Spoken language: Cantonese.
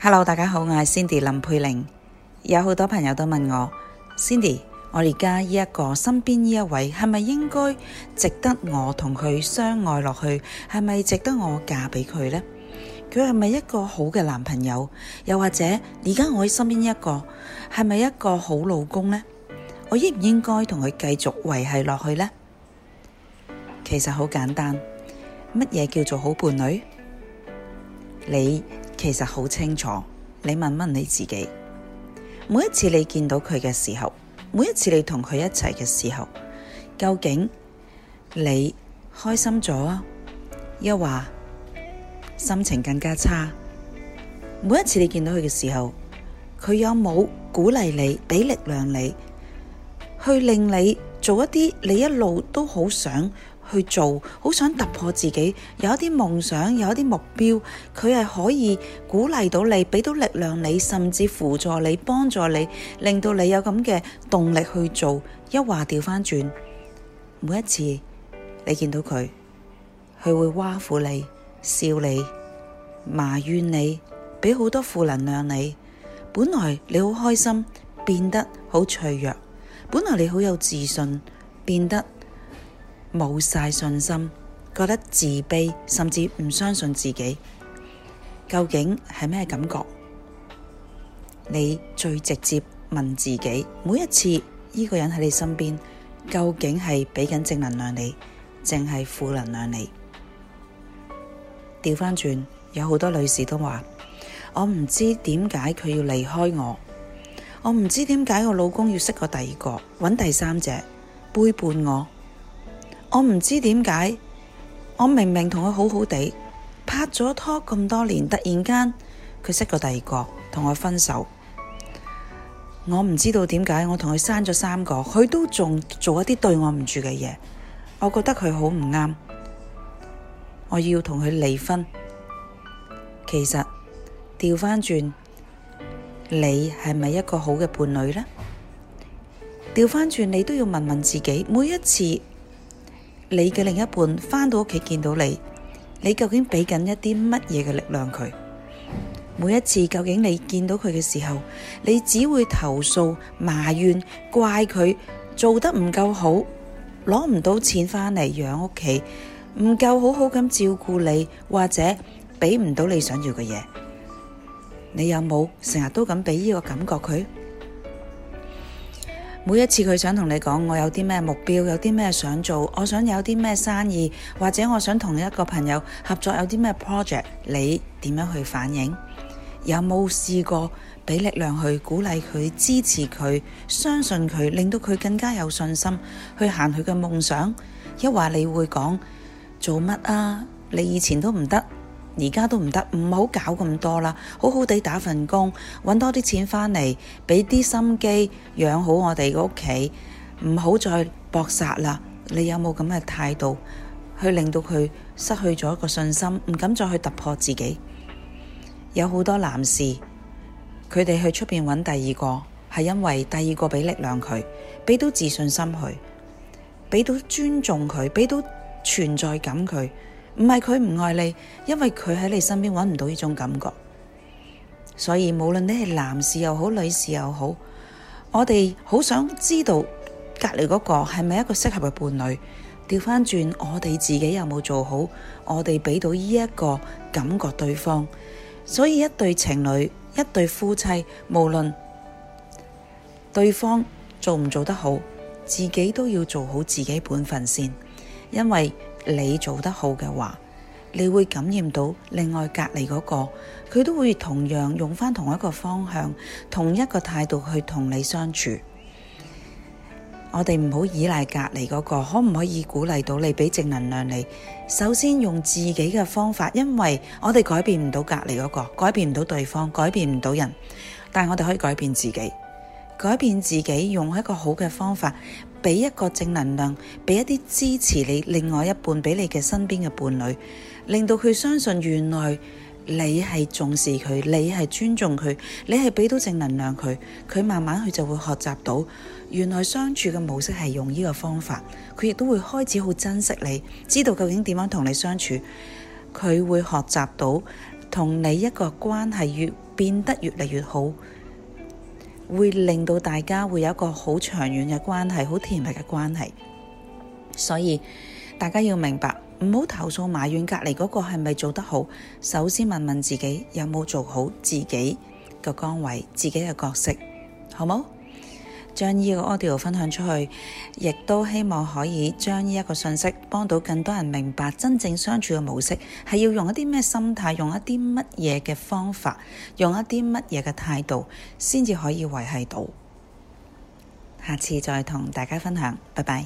Hello，大家好，我係 Cindy 林佩玲。有好多朋友都問我，Cindy，我而家呢一個身邊呢一位係咪應該值得我同佢相愛落去？係咪值得我嫁畀佢呢？佢係咪一個好嘅男朋友？又或者而家我喺身邊一個係咪一個好老公呢？我應唔應該同佢繼續維繫落去呢？其實好簡單，乜嘢叫做好伴侶？你？其實好清楚，你問問你自己，每一次你見到佢嘅時候，每一次你同佢一齊嘅時候，究竟你開心咗啊？抑或心情更加差？每一次你見到佢嘅時候，佢有冇鼓勵你、畀力量你，去令你做一啲你一路都好想？去做，好想突破自己，有一啲夢想，有一啲目標，佢係可以鼓勵到你，俾到力量你，甚至輔助你，幫助你，令到你有咁嘅動力去做。一話調翻轉，每一次你見到佢，佢會挖苦你、笑你、埋怨你，俾好多負能量你。本來你好開心，變得好脆弱；本來你好有自信，變得。冇晒信心，覺得自卑，甚至唔相信自己，究竟係咩感覺？你最直接問自己，每一次呢個人喺你身邊，究竟係畀緊正能量你，淨係負能量你？調返轉，有好多女士都話：我唔知點解佢要離開我，我唔知點解我老公要識個第二個，搵第三者背叛我。我唔知點解，我明明同佢好好地拍咗拖咁多年，突然間佢識個第二個同我分手。我唔知道點解，我同佢生咗三個，佢都仲做一啲對我唔住嘅嘢。我覺得佢好唔啱，我要同佢離婚。其實調返轉，你係咪一個好嘅伴侶呢？調返轉，你都要問問自己，每一次。你嘅另一半返到屋企見到你，你究竟俾緊一啲乜嘢嘅力量佢？每一次究竟你見到佢嘅時候，你只會投訴、埋怨、怪佢做得唔夠好，攞唔到錢返嚟養屋企，唔夠好好咁照顧你，或者俾唔到你想要嘅嘢，你有冇成日都咁俾呢個感覺佢？每一次佢想同你講，我有啲咩目標，有啲咩想做，我想有啲咩生意，或者我想同一個朋友合作有啲咩 project，你點樣去反應，有冇試過俾力量去鼓勵佢、支持佢、相信佢，令到佢更加有信心去行佢嘅夢想？一話你會講做乜啊？你以前都唔得。而家都唔得，唔好搞咁多啦，好好地打份工，搵多啲錢返嚟，畀啲心機養好我哋屋企，唔好再搏殺啦。你有冇咁嘅態度去令到佢失去咗個信心，唔敢再去突破自己？有好多男士，佢哋去出邊搵第二個，係因為第二個畀力量佢，畀到自信心佢，畀到尊重佢，畀到存在感佢。唔係佢唔愛你，因為佢喺你身邊揾唔到呢種感覺，所以無論你係男士又好，女士又好，我哋好想知道隔籬嗰個係咪一個適合嘅伴侶。調翻轉，我哋自己有冇做好？我哋畀到呢一個感覺對方。所以一對情侶，一對夫妻，無論對方做唔做得好，自己都要做好自己本分先，因為，你做得好嘅話，你會感染到另外隔籬嗰個，佢都會同樣用翻同一個方向，同一個態度去同你相處。我哋唔好依賴隔籬嗰個，可唔可以鼓勵到你俾正能量你？首先用自己嘅方法，因為我哋改變唔到隔籬嗰個，改變唔到對方，改變唔到人，但係我哋可以改變自己，改變自己用一個好嘅方法。俾一個正能量，俾一啲支持你，另外一半，俾你嘅身邊嘅伴侶，令到佢相信原來你係重視佢，你係尊重佢，你係俾到正能量佢，佢慢慢佢就會學習到，原來相處嘅模式係用呢個方法，佢亦都會開始好珍惜你，知道究竟點樣同你相處，佢會學習到同你一個關係越變得越嚟越好。會令到大家會有一個好長遠嘅關係，好甜蜜嘅關係。所以大家要明白，唔好投訴埋怨隔籬嗰個係咪做得好，首先問問自己有冇做好自己個崗位、自己個角色，好冇？將呢個 audio 分享出去，亦都希望可以將呢一個信息，幫到更多人明白真正相處嘅模式，係要用一啲咩心態，用一啲乜嘢嘅方法，用一啲乜嘢嘅態度，先至可以維繫到。下次再同大家分享，拜拜。